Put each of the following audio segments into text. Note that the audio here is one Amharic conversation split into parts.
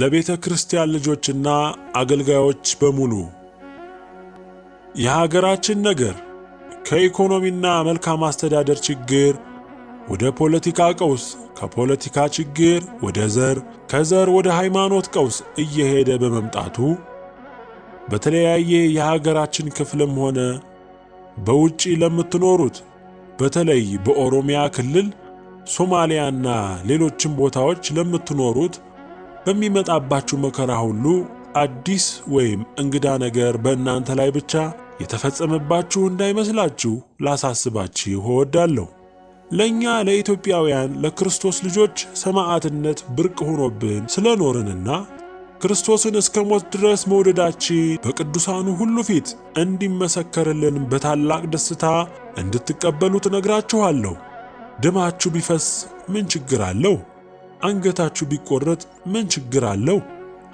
ለቤተ ክርስቲያን ልጆችና አገልጋዮች በሙሉ የሀገራችን ነገር ከኢኮኖሚና መልካም አስተዳደር ችግር ወደ ፖለቲካ ቀውስ፣ ከፖለቲካ ችግር ወደ ዘር፣ ከዘር ወደ ሃይማኖት ቀውስ እየሄደ በመምጣቱ በተለያየ የሀገራችን ክፍልም ሆነ በውጪ ለምትኖሩት በተለይ በኦሮሚያ ክልል፣ ሶማሊያና ሌሎችም ቦታዎች ለምትኖሩት በሚመጣባችሁ መከራ ሁሉ አዲስ ወይም እንግዳ ነገር በእናንተ ላይ ብቻ የተፈጸመባችሁ እንዳይመስላችሁ ላሳስባችሁ እወዳለሁ። ለእኛ ለኢትዮጵያውያን ለክርስቶስ ልጆች ሰማዕትነት ብርቅ ሆኖብን ስለኖርንና ክርስቶስን እስከ ሞት ድረስ መውደዳችን በቅዱሳኑ ሁሉ ፊት እንዲመሰከርልን በታላቅ ደስታ እንድትቀበሉት ትነግራችኋለሁ። ደማችሁ ቢፈስ ምን ችግር አለው? አንገታችሁ ቢቆረጥ ምን ችግር አለው?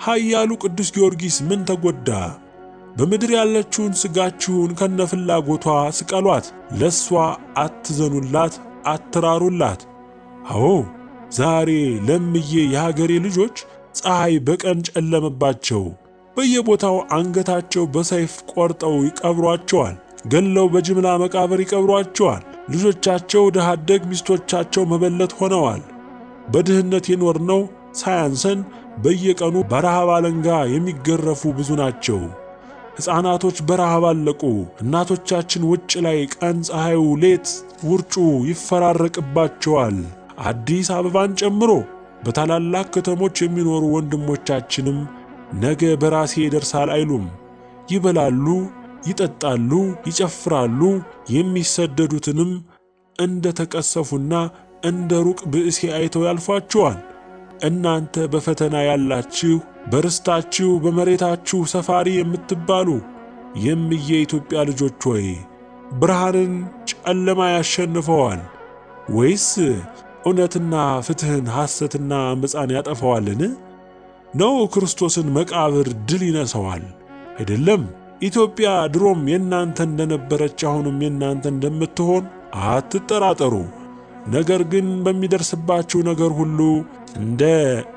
ኃያሉ ቅዱስ ጊዮርጊስ ምን ተጎዳ? በምድር ያለችውን ሥጋችሁን ከነፍላጎቷ ስቀሏት፣ ለሷ አትዘኑላት፣ አትራሩላት። አዎ ዛሬ ለምዬ የሀገሬ ልጆች ፀሐይ በቀን ጨለመባቸው። በየቦታው አንገታቸው በሰይፍ ቆርጠው ይቀብሯቸዋል። ገለው በጅምላ መቃብር ይቀብሯቸዋል። ልጆቻቸው ድሃ አደግ ሚስቶቻቸው መበለት ሆነዋል። በድህነት የኖርነው ሳያንሰን በየቀኑ በረሃብ አለንጋ የሚገረፉ ብዙ ናቸው። ሕፃናቶች በረሃብ አለቁ። እናቶቻችን ውጭ ላይ ቀን ፀሐዩ፣ ሌት ውርጩ ይፈራረቅባቸዋል። አዲስ አበባን ጨምሮ በታላላቅ ከተሞች የሚኖሩ ወንድሞቻችንም ነገ በራሴ ይደርሳል አይሉም። ይበላሉ፣ ይጠጣሉ፣ ይጨፍራሉ። የሚሰደዱትንም እንደ ተቀሰፉና እንደ ሩቅ ብእሴ አይተው ያልፏችኋል። እናንተ በፈተና ያላችሁ በርስታችሁ በመሬታችሁ ሰፋሪ የምትባሉ የምየ ኢትዮጵያ ልጆች ሆይ ብርሃንን ጨለማ ያሸንፈዋል ወይስ እውነትና ፍትሕን ሐሰትና ምፃን ያጠፋዋልን? ነው ክርስቶስን መቃብር ድል ይነሰዋል? አይደለም። ኢትዮጵያ ድሮም የእናንተ እንደነበረች አሁንም የእናንተ እንደምትሆን አትጠራጠሩ። ነገር ግን በሚደርስባችሁ ነገር ሁሉ እንደ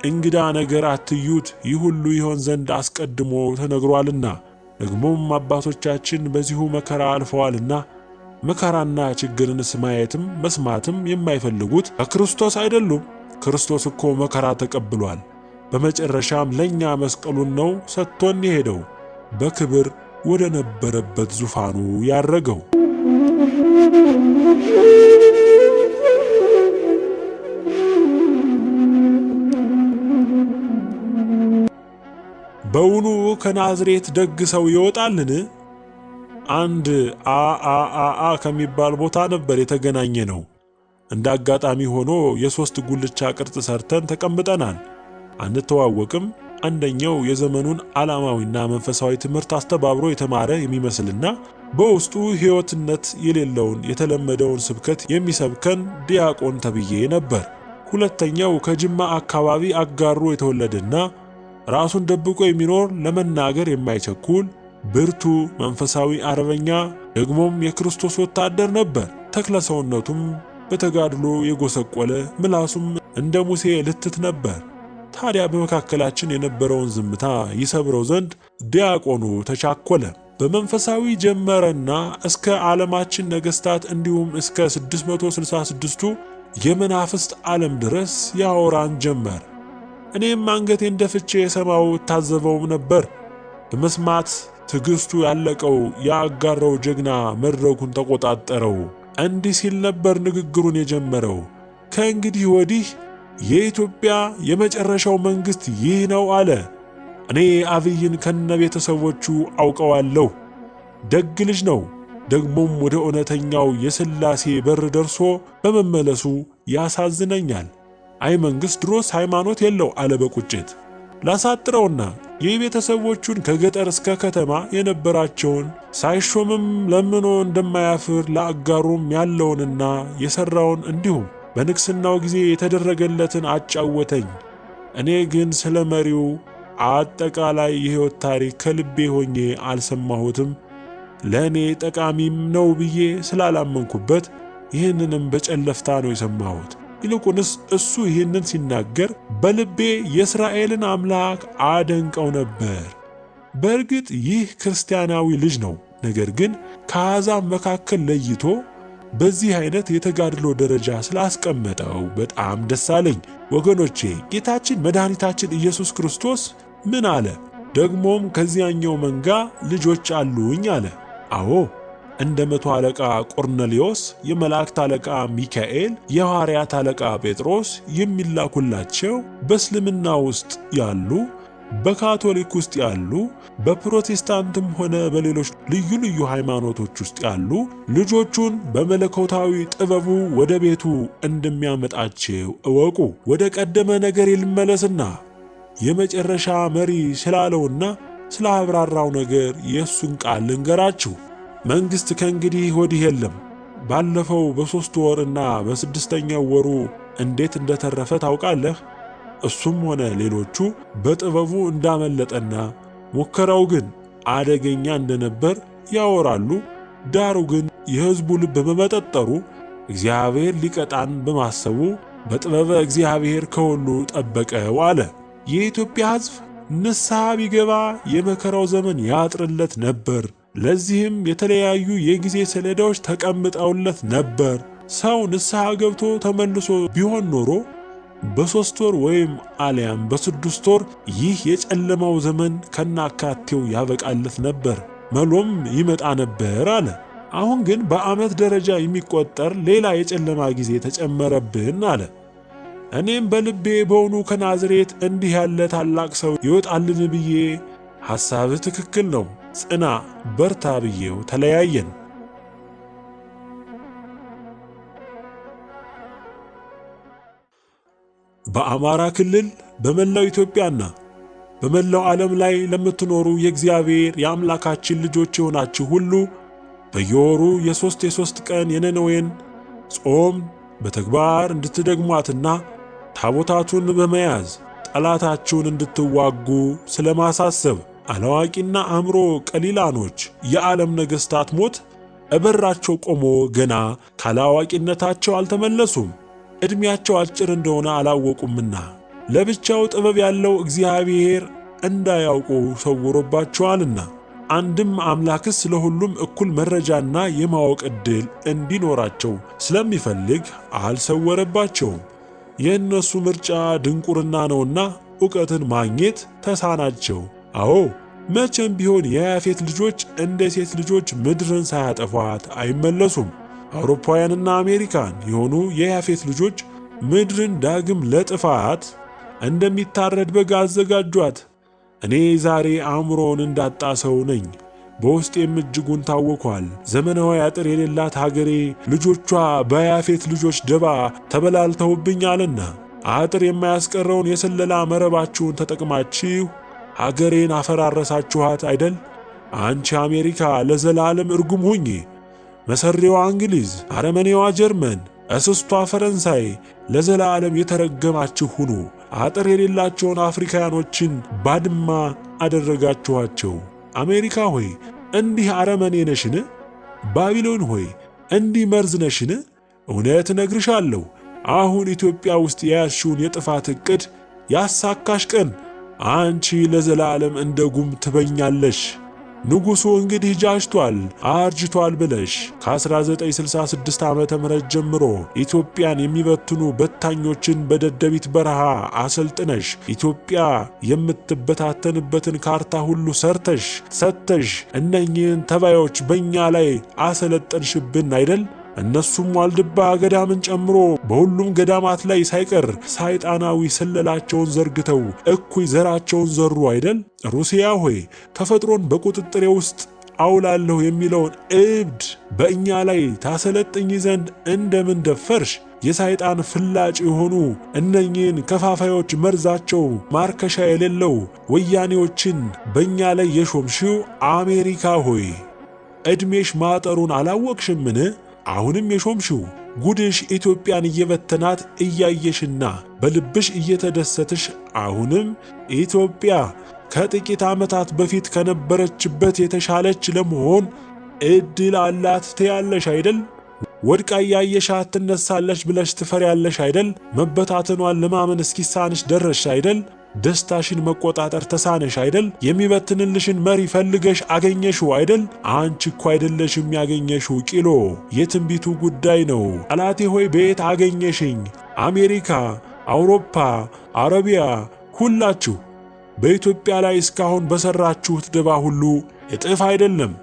እንግዳ ነገር አትዩት፣ ይህ ሁሉ ይሆን ዘንድ አስቀድሞ ተነግሯልና። ደግሞም አባቶቻችን በዚሁ መከራ አልፈዋልና መከራና ችግርንስ ማየትም መስማትም የማይፈልጉት በክርስቶስ አይደሉም። ክርስቶስ እኮ መከራ ተቀብሏል። በመጨረሻም ለእኛ መስቀሉን ነው ሰጥቶን የሄደው፣ በክብር ወደ ነበረበት ዙፋኑ ያረገው። ከናዝሬት ደግ ሰው ይወጣልን? አንድ አአአአ ከሚባል ቦታ ነበር የተገናኘ ነው። እንደ አጋጣሚ ሆኖ የሶስት ጉልቻ ቅርጽ ሰርተን ተቀምጠናል። አንተዋወቅም። አንደኛው የዘመኑን ዓላማዊና መንፈሳዊ ትምህርት አስተባብሮ የተማረ የሚመስልና በውስጡ ሕይወትነት የሌለውን የተለመደውን ስብከት የሚሰብከን ዲያቆን ተብዬ ነበር። ሁለተኛው ከጅማ አካባቢ አጋሮ የተወለደና ራሱን ደብቆ የሚኖር ለመናገር የማይቸኩል ብርቱ መንፈሳዊ አርበኛ ደግሞም የክርስቶስ ወታደር ነበር። ተክለ ሰውነቱም በተጋድሎ የጎሰቆለ ምላሱም እንደ ሙሴ ልትት ነበር። ታዲያ በመካከላችን የነበረውን ዝምታ ይሰብረው ዘንድ ዲያቆኑ ተቻኮለ። በመንፈሳዊ ጀመረና እስከ ዓለማችን ነገሥታት እንዲሁም እስከ 666ቱ የመናፍስት ዓለም ድረስ ያወራን ጀመር። እኔም አንገቴን ደፍቼ የሰማው እታዘበውም ነበር። በመስማት ትዕግስቱ ያለቀው የአጋራው ጀግና መድረኩን ተቆጣጠረው። እንዲህ ሲል ነበር ንግግሩን የጀመረው። ከእንግዲህ ወዲህ የኢትዮጵያ የመጨረሻው መንግሥት ይህ ነው አለ። እኔ አብይን ከነ ቤተሰቦቹ አውቀዋለሁ። ደግ ልጅ ነው። ደግሞም ወደ እውነተኛው የሥላሴ በር ደርሶ በመመለሱ ያሳዝነኛል። አይ መንግሥት ድሮስ ሃይማኖት የለው አለ በቁጭት ላሳጥረውና የቤተሰቦቹን ከገጠር እስከ ከተማ የነበራቸውን ሳይሾምም ለምኖ እንደማያፍር ለአጋሩም ያለውንና የሠራውን እንዲሁም በንግሥናው ጊዜ የተደረገለትን አጫወተኝ። እኔ ግን ስለ መሪው አጠቃላይ የሕይወት ታሪክ ከልቤ ሆኜ አልሰማሁትም። ለእኔ ጠቃሚም ነው ብዬ ስላላመንኩበት ይህንንም በጨለፍታ ነው የሰማሁት። ይልቁንስ እሱ ይህንን ሲናገር በልቤ የእስራኤልን አምላክ አደንቀው ነበር። በእርግጥ ይህ ክርስቲያናዊ ልጅ ነው። ነገር ግን ከአሕዛብ መካከል ለይቶ በዚህ አይነት የተጋድሎ ደረጃ ስላስቀመጠው በጣም ደስ አለኝ። ወገኖቼ ጌታችን መድኃኒታችን ኢየሱስ ክርስቶስ ምን አለ? ደግሞም ከዚያኛው መንጋ ልጆች አሉኝ አለ። አዎ እንደ መቶ አለቃ ቆርኔሌዎስ፣ የመላእክት አለቃ ሚካኤል፣ የሐዋርያት አለቃ ጴጥሮስ የሚላኩላቸው በእስልምና ውስጥ ያሉ በካቶሊክ ውስጥ ያሉ በፕሮቴስታንትም ሆነ በሌሎች ልዩ ልዩ ሃይማኖቶች ውስጥ ያሉ ልጆቹን በመለኮታዊ ጥበቡ ወደ ቤቱ እንደሚያመጣቸው እወቁ። ወደ ቀደመ ነገር ይልመለስና የመጨረሻ መሪ ስላለውና ስለ አብራራው ነገር የእሱን ቃል ልንገራችሁ። መንግሥት ከእንግዲህ ወዲህ የለም። ባለፈው በሦስት ወርና በስድስተኛው ወሩ እንዴት እንደተረፈ ታውቃለህ። እሱም ሆነ ሌሎቹ በጥበቡ እንዳመለጠና ሙከራው ግን አደገኛ እንደነበር ያወራሉ። ዳሩ ግን የሕዝቡ ልብ በመጠጠሩ እግዚአብሔር ሊቀጣን በማሰቡ በጥበበ እግዚአብሔር ከሁሉ ጠበቀው አለ። የኢትዮጵያ ሕዝብ ንስሐ ቢገባ የመከራው ዘመን ያጥርለት ነበር። ለዚህም የተለያዩ የጊዜ ሰሌዳዎች ተቀምጠውለት ነበር። ሰው ንስሐ ገብቶ ተመልሶ ቢሆን ኖሮ በሶስት ወር ወይም አሊያም በስድስት ወር ይህ የጨለማው ዘመን ከናካቴው ያበቃለት ነበር፣ መሎም ይመጣ ነበር አለ። አሁን ግን በዓመት ደረጃ የሚቆጠር ሌላ የጨለማ ጊዜ ተጨመረብን አለ። እኔም በልቤ በውኑ ከናዝሬት እንዲህ ያለ ታላቅ ሰው ይወጣልን ብዬ ሐሳብህ ትክክል ነው ጽና በርታ ብዬው ተለያየን። በአማራ ክልል በመላው ኢትዮጵያና በመላው ዓለም ላይ ለምትኖሩ የእግዚአብሔር የአምላካችን ልጆች የሆናችሁ ሁሉ በየወሩ የሦስት የሦስት ቀን የነነዌን ጾም በተግባር እንድትደግሟትና ታቦታቱን በመያዝ ጠላታችሁን እንድትዋጉ ስለማሳሰብ አላዋቂና አእምሮ ቀሊላኖች የዓለም ነገሥታት ሞት እበራቸው ቆሞ ገና ካላዋቂነታቸው አልተመለሱም። ዕድሜያቸው አጭር እንደሆነ አላወቁምና ለብቻው ጥበብ ያለው እግዚአብሔር እንዳያውቁ ሰውሮባቸዋልና። አንድም አምላክስ ለሁሉም እኩል መረጃና የማወቅ ዕድል እንዲኖራቸው ስለሚፈልግ አልሰወረባቸውም። የእነሱ ምርጫ ድንቁርና ነውና ዕውቀትን ማግኘት ተሳናቸው። አዎ መቼም ቢሆን የያፌት ልጆች እንደ ሴት ልጆች ምድርን ሳያጠፏት አይመለሱም። አውሮፓውያንና አሜሪካን የሆኑ የያፌት ልጆች ምድርን ዳግም ለጥፋት እንደሚታረድ በግ አዘጋጇት። እኔ ዛሬ አእምሮውን እንዳጣ ሰው ነኝ። በውስጤም እጅጉን ታወኳል ዘመናዊ አጥር የሌላት ሀገሬ ልጆቿ በያፌት ልጆች ደባ ተበላልተውብኛልና አጥር የማያስቀረውን የስለላ መረባችሁን ተጠቅማችሁ ሀገሬን አፈራረሳችኋት አይደል? አንቺ አሜሪካ ለዘላለም እርጉም ሁኚ፣ መሰሪዋ እንግሊዝ፣ አረመኔዋ ጀርመን፣ እስስቷ ፈረንሳይ ለዘላለም የተረገማችሁ ሁኑ። አጥር የሌላቸውን አፍሪካውያኖችን ባድማ አደረጋችኋቸው። አሜሪካ ሆይ እንዲህ አረመኔ ነሽን? ባቢሎን ሆይ እንዲህ መርዝ ነሽን? እውነት እነግርሻለሁ አሁን ኢትዮጵያ ውስጥ የያዝሽውን የጥፋት ዕቅድ ያሳካሽ ቀን አንቺ ለዘላለም እንደ ጉም ትበኛለሽ። ንጉሡ እንግዲህ ጃጅቷል፣ አርጅቷል ብለሽ ከ1966 ዓመተ ምህረት ጀምሮ ኢትዮጵያን የሚበትኑ በታኞችን በደደቢት በረሃ አሰልጥነሽ ኢትዮጵያ የምትበታተንበትን ካርታ ሁሉ ሰርተሽ ሰተሽ እነኚህን ተባዮች በእኛ ላይ አሰለጠንሽብን አይደል? እነሱም ዋልድባ ገዳምን ጨምሮ በሁሉም ገዳማት ላይ ሳይቀር ሳይጣናዊ ስለላቸውን ዘርግተው እኩይ ዘራቸውን ዘሩ አይደል? ሩሲያ ሆይ ተፈጥሮን በቁጥጥሬ ውስጥ አውላለሁ የሚለውን እብድ በእኛ ላይ ታሰለጥኝ ዘንድ እንደምን ደፈርሽ? የሳይጣን ፍላጭ የሆኑ እነኚህን ከፋፋዮች መርዛቸው ማርከሻ የሌለው ወያኔዎችን በእኛ ላይ የሾምሽው አሜሪካ ሆይ ዕድሜሽ ማጠሩን አላወቅሽምን? አሁንም የሾምሽው ጉድሽ ኢትዮጵያን እየበተናት እያየሽና በልብሽ እየተደሰትሽ አሁንም ኢትዮጵያ ከጥቂት ዓመታት በፊት ከነበረችበት የተሻለች ለመሆን እድል አላት ትያለሽ አይደል? ወድቃ እያየሻት ትነሳለች ብለሽ ትፈሪያለሽ አይደል? መበታተኗን ለማመን እስኪሳንሽ ደረሽ አይደል? ደስታሽን መቆጣጠር ተሳነሽ አይደል? የሚበትንልሽን መሪ ፈልገሽ አገኘሽው አይደል? አንቺ እኮ አይደለሽም ያገኘሽው ቂሎ፣ የትንቢቱ ጉዳይ ነው። ጠላቴ ሆይ በየት አገኘሽኝ? አሜሪካ፣ አውሮፓ፣ አረቢያ ሁላችሁ በኢትዮጵያ ላይ እስካሁን በሰራችሁት ድባ ሁሉ እጥፍ አይደለም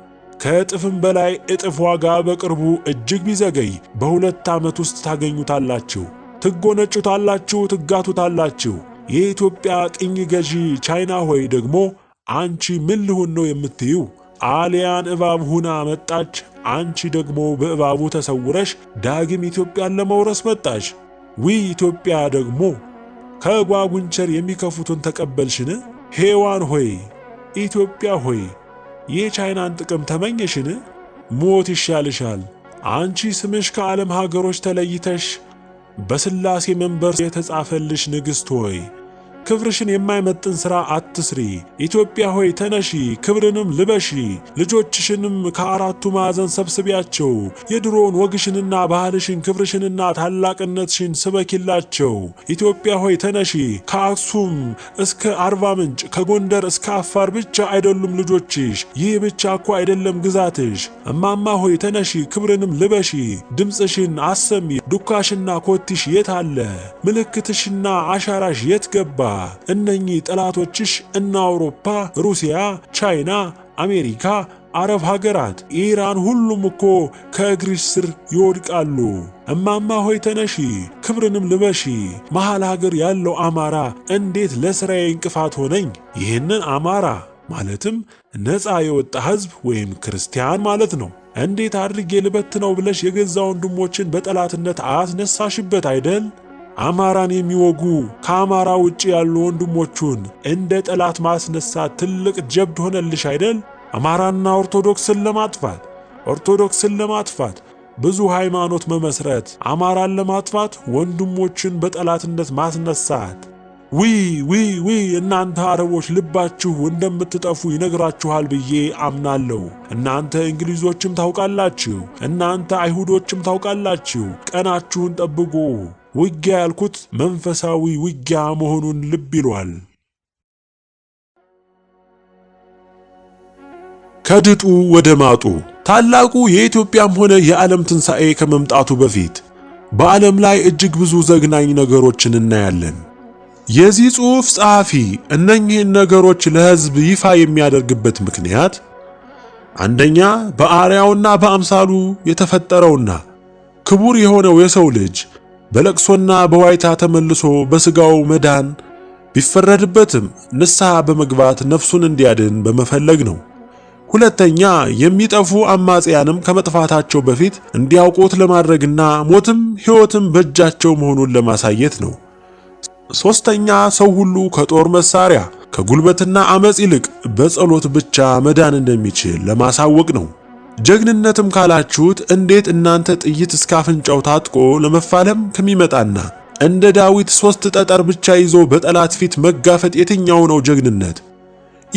ከእጥፍም በላይ እጥፍ ዋጋ በቅርቡ እጅግ ቢዘገይ በሁለት ዓመት ውስጥ ታገኙታላችሁ፣ ትጎነጩታላችሁ፣ ትጋቱታላችሁ። የኢትዮጵያ ቅኝ ገዢ ቻይና ሆይ ደግሞ አንቺ ምን ልሁን ነው የምትዩ? አሊያን እባብ ሁና መጣች፣ አንቺ ደግሞ በእባቡ ተሰውረሽ ዳግም ኢትዮጵያን ለመውረስ መጣሽ። ዊ ኢትዮጵያ ደግሞ ከጓጉንቸር የሚከፉትን ተቀበልሽን? ሔዋን ሆይ ኢትዮጵያ ሆይ የቻይናን ጥቅም ተመኘሽን? ሞት ይሻልሻል። አንቺ ስምሽ ከዓለም ሀገሮች ተለይተሽ በሥላሴ መንበር የተጻፈልሽ ንግሥት ሆይ ክብርሽን የማይመጥን ሥራ አትስሪ። ኢትዮጵያ ሆይ ተነሺ፣ ክብርንም ልበሺ። ልጆችሽንም ከአራቱ ማዕዘን ሰብስቢያቸው። የድሮውን ወግሽንና ባህልሽን ክብርሽንና ታላቅነትሽን ስበኪላቸው። ኢትዮጵያ ሆይ ተነሺ። ከአክሱም እስከ አርባ ምንጭ፣ ከጎንደር እስከ አፋር ብቻ አይደሉም ልጆችሽ። ይህ ብቻ እኮ አይደለም ግዛትሽ። እማማ ሆይ ተነሺ፣ ክብርንም ልበሺ። ድምፅሽን አሰሚ። ዱካሽና ኮቲሽ የት አለ? ምልክትሽና አሻራሽ የት ገባ? እነኚህ ጠላቶችሽ እነ አውሮፓ፣ ሩሲያ፣ ቻይና፣ አሜሪካ፣ አረብ ሀገራት፣ ኢራን ሁሉም እኮ ከእግርሽ ስር ይወድቃሉ። እማማ ሆይ ተነሺ፣ ክብርንም ልበሺ። መሐል ሀገር ያለው አማራ እንዴት ለሥራዬ እንቅፋት ሆነኝ? ይህንን አማራ ማለትም ነፃ የወጣ ሕዝብ ወይም ክርስቲያን ማለት ነው እንዴት አድርጌ ልበት ነው ብለሽ የገዛ ወንድሞችን በጠላትነት አያስነሳሽበት አይደል? አማራን የሚወጉ ከአማራ ውጭ ያሉ ወንድሞቹን እንደ ጠላት ማስነሳት ትልቅ ጀብድ ሆነልሽ አይደል? አማራና ኦርቶዶክስን ለማጥፋት ኦርቶዶክስን ለማጥፋት ብዙ ሃይማኖት መመስረት፣ አማራን ለማጥፋት ወንድሞችን በጠላትነት ማስነሳት። ዊ ዊ ዊ እናንተ አረቦች ልባችሁ እንደምትጠፉ ይነግራችኋል ብዬ አምናለሁ። እናንተ እንግሊዞችም ታውቃላችሁ፣ እናንተ አይሁዶችም ታውቃላችሁ። ቀናችሁን ጠብቁ። ውጊያ ያልኩት መንፈሳዊ ውጊያ መሆኑን ልብ ይሏል። ከድጡ ወደ ማጡ ታላቁ የኢትዮጵያም ሆነ የዓለም ትንሣኤ ከመምጣቱ በፊት በዓለም ላይ እጅግ ብዙ ዘግናኝ ነገሮችን እናያለን። የዚህ ጽሑፍ ጸሐፊ እነኚህን ነገሮች ለሕዝብ ይፋ የሚያደርግበት ምክንያት አንደኛ በአርያውና በአምሳሉ የተፈጠረውና ክቡር የሆነው የሰው ልጅ በለቅሶና በዋይታ ተመልሶ በስጋው መዳን ቢፈረድበትም ንስሐ በመግባት ነፍሱን እንዲያድን በመፈለግ ነው። ሁለተኛ የሚጠፉ አማጽያንም ከመጥፋታቸው በፊት እንዲያውቁት ለማድረግና ሞትም ሕይወትም በእጃቸው መሆኑን ለማሳየት ነው። ሦስተኛ ሰው ሁሉ ከጦር መሳሪያ ከጉልበትና አመፅ ይልቅ በጸሎት ብቻ መዳን እንደሚችል ለማሳወቅ ነው። ጀግንነትም ካላችሁት እንዴት እናንተ ጥይት እስከ አፍንጫው ታጥቆ ለመፋለም ከሚመጣና እንደ ዳዊት ሶስት ጠጠር ብቻ ይዞ በጠላት ፊት መጋፈጥ የትኛው ነው ጀግንነት?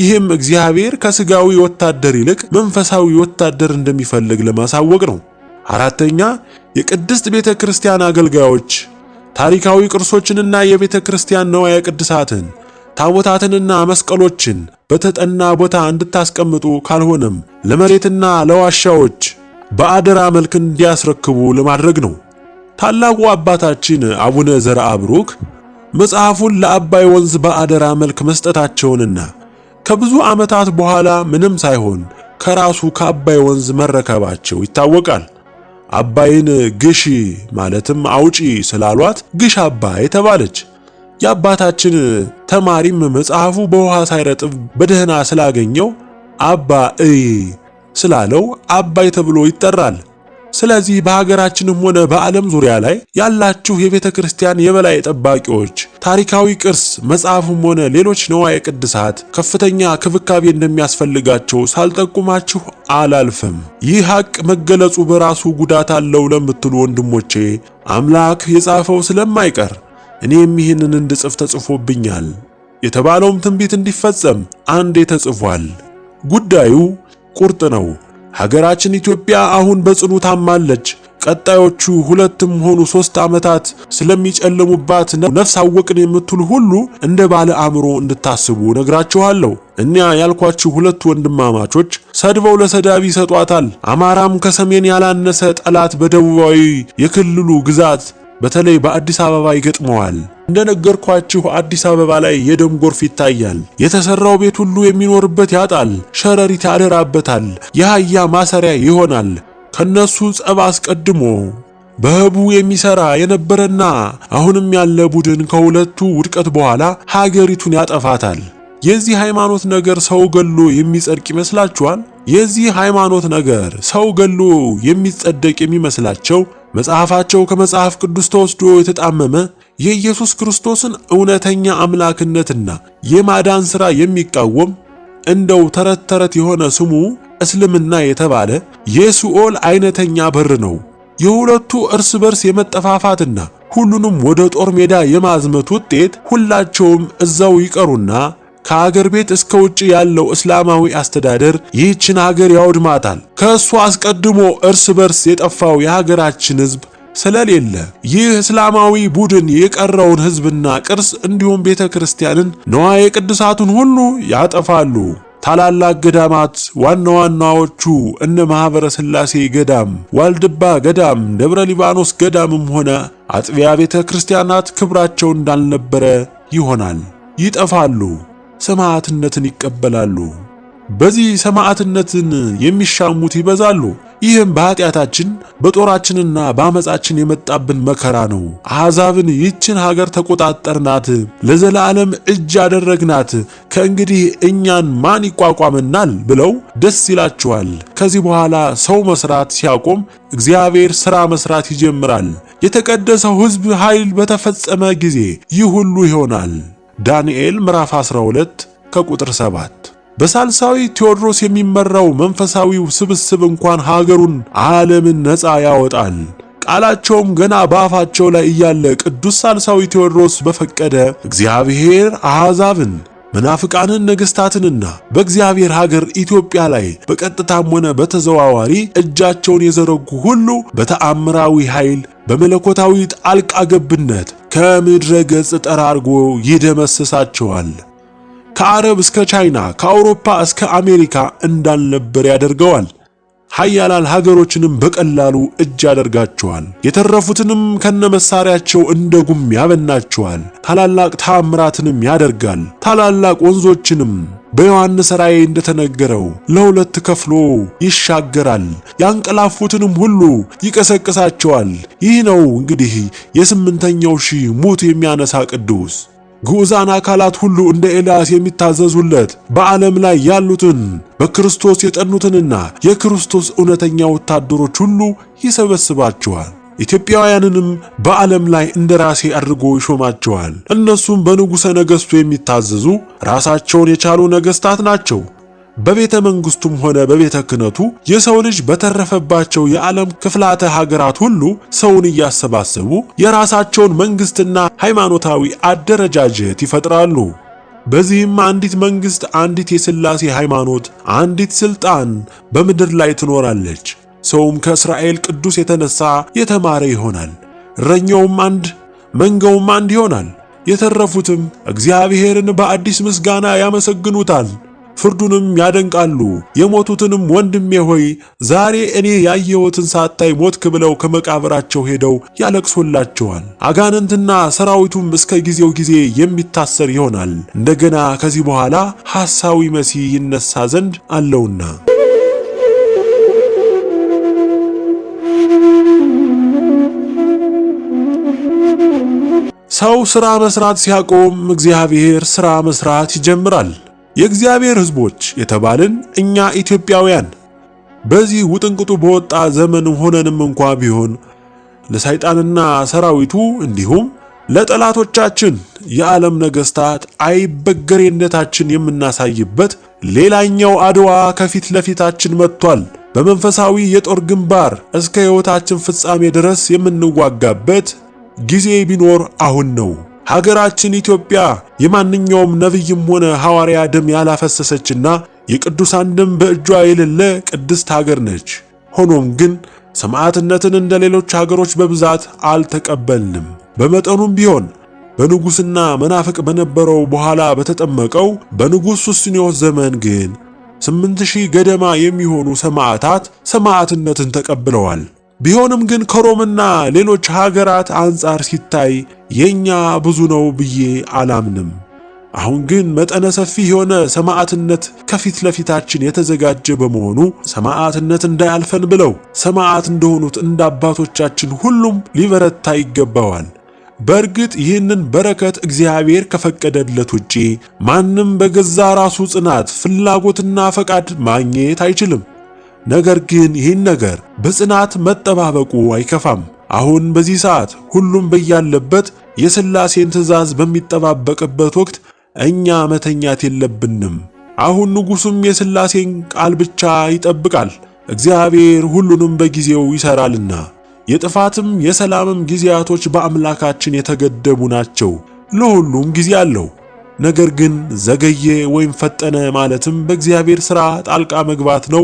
ይህም እግዚአብሔር ከስጋዊ ወታደር ይልቅ መንፈሳዊ ወታደር እንደሚፈልግ ለማሳወቅ ነው። አራተኛ የቅድስት ቤተ ክርስቲያን አገልጋዮች ታሪካዊ ቅርሶችንና የቤተ ክርስቲያን ነዋያ ቅድሳትን ታቦታትንና መስቀሎችን በተጠና ቦታ እንድታስቀምጡ ካልሆነም ለመሬትና ለዋሻዎች በአደራ መልክ እንዲያስረክቡ ለማድረግ ነው። ታላቁ አባታችን አቡነ ዘርአ ብሩክ መጽሐፉን ለአባይ ወንዝ በአደራ መልክ መስጠታቸውንና ከብዙ ዓመታት በኋላ ምንም ሳይሆን ከራሱ ከአባይ ወንዝ መረከባቸው ይታወቃል። አባይን ግሺ ማለትም አውጪ ስላሏት ግሽ አባይ ተባለች። የአባታችን ተማሪም መጽሐፉ በውሃ ሳይረጥብ በደህና ስላገኘው አባ እይ ስላለው አባይ ተብሎ ይጠራል። ስለዚህ በሀገራችንም ሆነ በዓለም ዙሪያ ላይ ያላችሁ የቤተ ክርስቲያን የበላይ ጠባቂዎች ታሪካዊ ቅርስ መጽሐፍም ሆነ ሌሎች ነዋየ ቅድሳት ከፍተኛ ክብካቤ እንደሚያስፈልጋቸው ሳልጠቁማችሁ አላልፍም። ይህ ሀቅ መገለጹ በራሱ ጉዳት አለው ለምትሉ ወንድሞቼ አምላክ የጻፈው ስለማይቀር እኔም ይህንን እንድጽፍ ተጽፎብኛል። የተባለውም ትንቢት እንዲፈጸም አንዴ ተጽፏል። ጉዳዩ ቁርጥ ነው። ሀገራችን ኢትዮጵያ አሁን በጽኑ ታማለች። ቀጣዮቹ ሁለትም ሆኑ ሶስት ዓመታት ስለሚጨልሙባት ነፍስ አወቅን የምትሉ ሁሉ እንደ ባለ አእምሮ እንድታስቡ ነግራችኋለሁ። እኛ ያልኳችሁ ሁለቱ ወንድማማቾች ሰድበው ለሰዳቢ ይሰጧታል። አማራም ከሰሜን ያላነሰ ጠላት በደቡባዊ የክልሉ ግዛት በተለይ በአዲስ አበባ ይገጥመዋል። እንደነገርኳችሁ አዲስ አበባ ላይ የደም ጎርፍ ይታያል። የተሰራው ቤት ሁሉ የሚኖርበት ያጣል፣ ሸረሪት ያደራበታል፣ የአህያ ማሰሪያ ይሆናል። ከነሱ ጸብ አስቀድሞ በህቡ የሚሰራ የነበረና አሁንም ያለ ቡድን ከሁለቱ ውድቀት በኋላ ሀገሪቱን ያጠፋታል። የዚህ ሃይማኖት ነገር ሰው ገሎ የሚጸድቅ ይመስላችኋል? የዚህ ሃይማኖት ነገር ሰው ገሎ የሚጸደቅ የሚመስላቸው መጽሐፋቸው ከመጽሐፍ ቅዱስ ተወስዶ የተጣመመ የኢየሱስ ክርስቶስን እውነተኛ አምላክነትና የማዳን ሥራ የሚቃወም እንደው ተረት ተረት የሆነ ስሙ እስልምና የተባለ የሲኦል አይነተኛ በር ነው። የሁለቱ እርስ በርስ የመጠፋፋትና ሁሉንም ወደ ጦር ሜዳ የማዝመት ውጤት ሁላቸውም እዛው ይቀሩና ከአገር ቤት እስከ ውጭ ያለው እስላማዊ አስተዳደር ይህችን ሀገር ያውድማታል። ከእሱ አስቀድሞ እርስ በርስ የጠፋው የሀገራችን ህዝብ ስለሌለ ይህ እስላማዊ ቡድን የቀረውን ህዝብና ቅርስ እንዲሁም ቤተ ክርስቲያንን ንዋየ ቅድሳቱን ሁሉ ያጠፋሉ። ታላላቅ ገዳማት ዋና ዋናዎቹ እነ ማኅበረ ሥላሴ ገዳም፣ ዋልድባ ገዳም፣ ደብረ ሊባኖስ ገዳምም ሆነ አጥቢያ ቤተ ክርስቲያናት ክብራቸው እንዳልነበረ ይሆናል፣ ይጠፋሉ። ሰማዕትነትን ይቀበላሉ። በዚህ ሰማዕትነትን የሚሻሙት ይበዛሉ። ይህም በኃጢአታችን በጦራችንና በአመፃችን የመጣብን መከራ ነው። አሕዛብን ይችን ሀገር ተቆጣጠርናት፣ ለዘላለም እጅ አደረግናት፣ ከእንግዲህ እኛን ማን ይቋቋምናል ብለው ደስ ይላቸዋል። ከዚህ በኋላ ሰው መስራት ሲያቆም እግዚአብሔር ሥራ መስራት ይጀምራል። የተቀደሰው ሕዝብ ኃይል በተፈጸመ ጊዜ ይህ ሁሉ ይሆናል። ዳንኤል ምዕራፍ 12 ከቁጥር 7። በሳልሳዊ ቴዎድሮስ የሚመራው መንፈሳዊው ስብስብ እንኳን ሀገሩን፣ ዓለምን ነፃ ያወጣል። ቃላቸውም ገና በአፋቸው ላይ እያለ ቅዱስ ሳልሳዊ ቴዎድሮስ በፈቀደ እግዚአብሔር አሕዛብን መናፍቃንን ነገስታትንና በእግዚአብሔር ሀገር ኢትዮጵያ ላይ በቀጥታም ሆነ በተዘዋዋሪ እጃቸውን የዘረጉ ሁሉ በተአምራዊ ኃይል በመለኮታዊ ጣልቃ ገብነት ከምድረ ገጽ ጠራርጎ ይደመስሳቸዋል። ከአረብ እስከ ቻይና፣ ከአውሮፓ እስከ አሜሪካ እንዳልነበር ያደርገዋል። ሀያላን ሀገሮችንም በቀላሉ እጅ ያደርጋቸዋል። የተረፉትንም ከነመሳሪያቸው እንደ ጉም ያበናቸዋል። ታላላቅ ታምራትንም ያደርጋል። ታላላቅ ወንዞችንም በዮሐንስ ራእይ እንደተነገረው ለሁለት ከፍሎ ይሻገራል። ያንቀላፉትንም ሁሉ ይቀሰቅሳቸዋል። ይህ ነው እንግዲህ የስምንተኛው ሺህ ሙት የሚያነሳ ቅዱስ ግዑዛን አካላት ሁሉ እንደ ኤልያስ የሚታዘዙለት በዓለም ላይ ያሉትን በክርስቶስ የጠኑትንና የክርስቶስ እውነተኛ ወታደሮች ሁሉ ይሰበስባቸዋል። ኢትዮጵያውያንንም በዓለም ላይ እንደ ራሴ አድርጎ ይሾማቸዋል። እነሱም በንጉሠ ነገሥቱ የሚታዘዙ ራሳቸውን የቻሉ ነገሥታት ናቸው። በቤተ መንግስቱም ሆነ በቤተ ክህነቱ የሰው ልጅ በተረፈባቸው የዓለም ክፍላተ ሀገራት ሁሉ ሰውን እያሰባሰቡ የራሳቸውን መንግስትና ሃይማኖታዊ አደረጃጀት ይፈጥራሉ። በዚህም አንዲት መንግስት፣ አንዲት የሥላሴ ሃይማኖት፣ አንዲት ስልጣን በምድር ላይ ትኖራለች። ሰውም ከእስራኤል ቅዱስ የተነሳ የተማረ ይሆናል። እረኛውም አንድ፣ መንጋውም አንድ ይሆናል። የተረፉትም እግዚአብሔርን በአዲስ ምስጋና ያመሰግኑታል። ፍርዱንም ያደንቃሉ። የሞቱትንም ወንድሜ ሆይ ዛሬ እኔ ያየሁትን ሳታይ ሞትክ ብለው ከመቃብራቸው ሄደው ያለቅሱላቸዋል። አጋንንትና ሰራዊቱም እስከ ጊዜው ጊዜ የሚታሰር ይሆናል። እንደገና ከዚህ በኋላ ሐሳዊ መሲህ ይነሳ ዘንድ አለውና ሰው ሥራ መሥራት ሲያቆም እግዚአብሔር ሥራ መሥራት ይጀምራል። የእግዚአብሔር ሕዝቦች የተባልን እኛ ኢትዮጵያውያን በዚህ ውጥንቅጡ በወጣ ዘመን ሆነንም እንኳ ቢሆን ለሰይጣንና ሰራዊቱ እንዲሁም ለጠላቶቻችን የዓለም ነገሥታት አይበገሬነታችን የምናሳይበት ሌላኛው አድዋ ከፊት ለፊታችን መጥቷል። በመንፈሳዊ የጦር ግንባር እስከ ሕይወታችን ፍጻሜ ድረስ የምንዋጋበት ጊዜ ቢኖር አሁን ነው። ሀገራችን ኢትዮጵያ የማንኛውም ነቢይም ሆነ ሐዋርያ ደም ያላፈሰሰችና የቅዱሳን ደም በእጇ የሌለ ቅድስት ሀገር ነች። ሆኖም ግን ሰማዕትነትን እንደ ሌሎች ሀገሮች በብዛት አልተቀበልንም። በመጠኑም ቢሆን በንጉሥና መናፍቅ በነበረው በኋላ በተጠመቀው በንጉሥ ሱስንዮስ ዘመን ግን ስምንት ሺህ ገደማ የሚሆኑ ሰማዕታት ሰማዕትነትን ተቀብለዋል። ቢሆንም ግን ከሮምና ሌሎች ሀገራት አንጻር ሲታይ የኛ ብዙ ነው ብዬ አላምንም። አሁን ግን መጠነ ሰፊ የሆነ ሰማዕትነት ከፊት ለፊታችን የተዘጋጀ በመሆኑ ሰማዕትነት እንዳያልፈን ብለው ሰማዕት እንደሆኑት እንደ አባቶቻችን ሁሉም ሊበረታ ይገባዋል። በእርግጥ ይህንን በረከት እግዚአብሔር ከፈቀደለት ውጪ ማንም በገዛ ራሱ ጽናት ፍላጎትና ፈቃድ ማግኘት አይችልም። ነገር ግን ይህን ነገር በጽናት መጠባበቁ አይከፋም። አሁን በዚህ ሰዓት ሁሉም በያለበት የሥላሴን ትእዛዝ በሚጠባበቅበት ወቅት እኛ መተኛት የለብንም። አሁን ንጉሡም የሥላሴን ቃል ብቻ ይጠብቃል፣ እግዚአብሔር ሁሉንም በጊዜው ይሠራልና። የጥፋትም የሰላምም ጊዜያቶች በአምላካችን የተገደቡ ናቸው። ለሁሉም ጊዜ አለው። ነገር ግን ዘገየ ወይም ፈጠነ ማለትም በእግዚአብሔር ሥራ ጣልቃ መግባት ነው።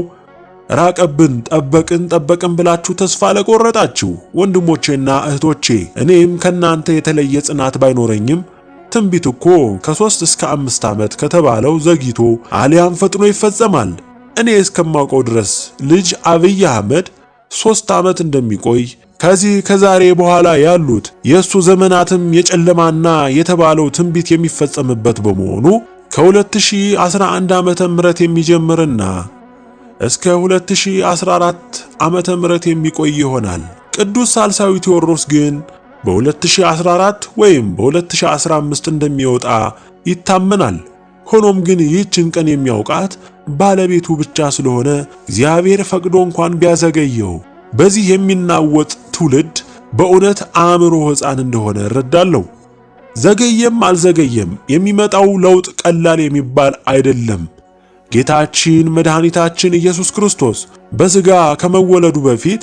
ራቀብን፣ ጠበቅን ጠበቅን ብላችሁ ተስፋ ለቆረጣችሁ ወንድሞቼና እህቶቼ እኔም ከናንተ የተለየ ጽናት ባይኖረኝም ትንቢት እኮ ከሦስት እስከ አምስት ዓመት ከተባለው ዘግይቶ አሊያም ፈጥኖ ይፈጸማል። እኔ እስከማውቀው ድረስ ልጅ አብይ አህመድ ሦስት ዓመት እንደሚቆይ ከዚህ ከዛሬ በኋላ ያሉት የእሱ ዘመናትም የጨለማና የተባለው ትንቢት የሚፈጸምበት በመሆኑ ከ2011 ዓ.ም የሚጀምርና እስከ 2014 ዓመተ ምህረት የሚቆይ ይሆናል። ቅዱስ ሳልሳዊ ቴዎድሮስ ግን በ2014 ወይም በ2015 እንደሚወጣ ይታመናል። ሆኖም ግን ይህችን ቀን የሚያውቃት ባለቤቱ ብቻ ስለሆነ እግዚአብሔር ፈቅዶ እንኳን ቢያዘገየው በዚህ የሚናወጥ ትውልድ በእውነት አእምሮ ሕፃን እንደሆነ እረዳለሁ። ዘገየም አልዘገየም የሚመጣው ለውጥ ቀላል የሚባል አይደለም። ጌታችን መድኃኒታችን ኢየሱስ ክርስቶስ በሥጋ ከመወለዱ በፊት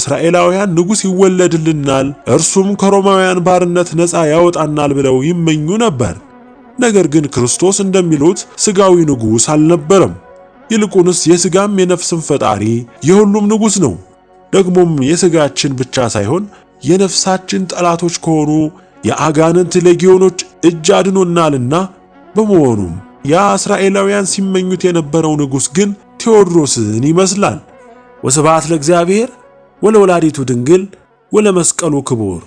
እስራኤላውያን ንጉሥ ይወለድልናል፣ እርሱም ከሮማውያን ባርነት ነፃ ያወጣናል ብለው ይመኙ ነበር። ነገር ግን ክርስቶስ እንደሚሉት ሥጋዊ ንጉሥ አልነበረም። ይልቁንስ የሥጋም የነፍስም ፈጣሪ የሁሉም ንጉሥ ነው። ደግሞም የሥጋችን ብቻ ሳይሆን የነፍሳችን ጠላቶች ከሆኑ የአጋንንት ሌጊዮኖች እጅ አድኖናልና በመሆኑም ያ እስራኤላውያን ሲመኙት የነበረው ንጉሥ ግን ቴዎድሮስን ይመስላል። ወስብሐት ለእግዚአብሔር ወለወላዲቱ ድንግል ወለመስቀሉ ክቡር